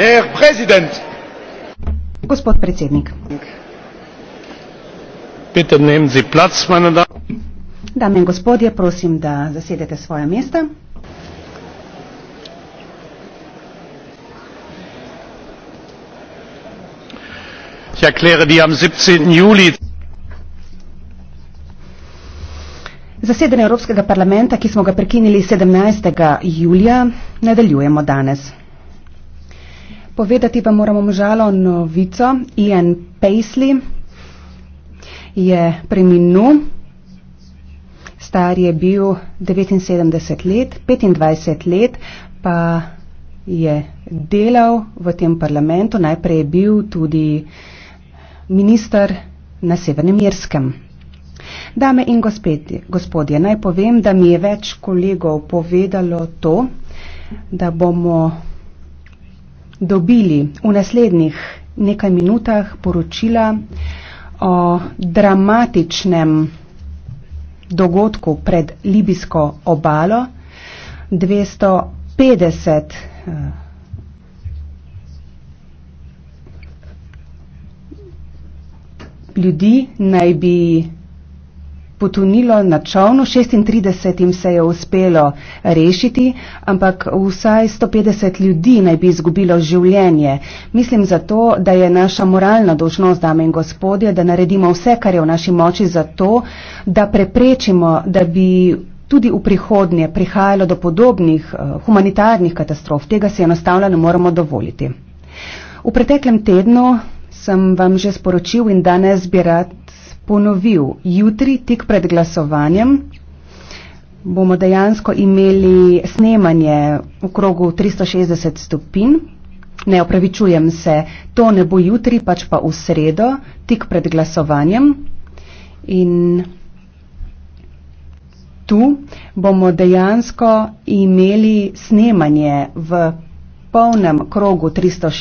Herr Präsident. Gospod predsednik. Bitte nehmen Sie Platz, meine Damen. Dame in gospodje, prosim, da zasedete svoje mesta. Ich erkläre die am 17. Juli Zasedanje Evropskega parlamenta, ki smo ga prekinili 17. julija, nadaljujemo danes. Povedati pa moramo žalo novico. Ian Paisley je preminul. Star je bil 79 let, 25 let pa je delal v tem parlamentu. Najprej je bil tudi minister na Severnem Irskem. Dame in gospodje, naj povem, da mi je več kolegov povedalo to, da bomo dobili v naslednjih nekaj minutah poročila o dramatičnem dogodku pred libijsko obalo. 250 eh, ljudi naj bi potonilo na čovnu, 36 jim se je uspelo rešiti, ampak vsaj 150 ljudi naj bi izgubilo življenje. Mislim zato, da je naša moralna dožnost, dame in gospodje, da naredimo vse, kar je v naši moči za to, da preprečimo, da bi tudi v prihodnje prihajalo do podobnih eh, humanitarnih katastrof. Tega si enostavno ne moremo dovoliti. V preteklem tednu sem vam že sporočil in danes bi rad ponovil, jutri tik pred glasovanjem bomo dejansko imeli snemanje v krogu 360 stopin. Ne opravičujem se, to ne bo jutri, pač pa v sredo, tik pred glasovanjem. In tu bomo dejansko imeli snemanje v polnem krogu 360.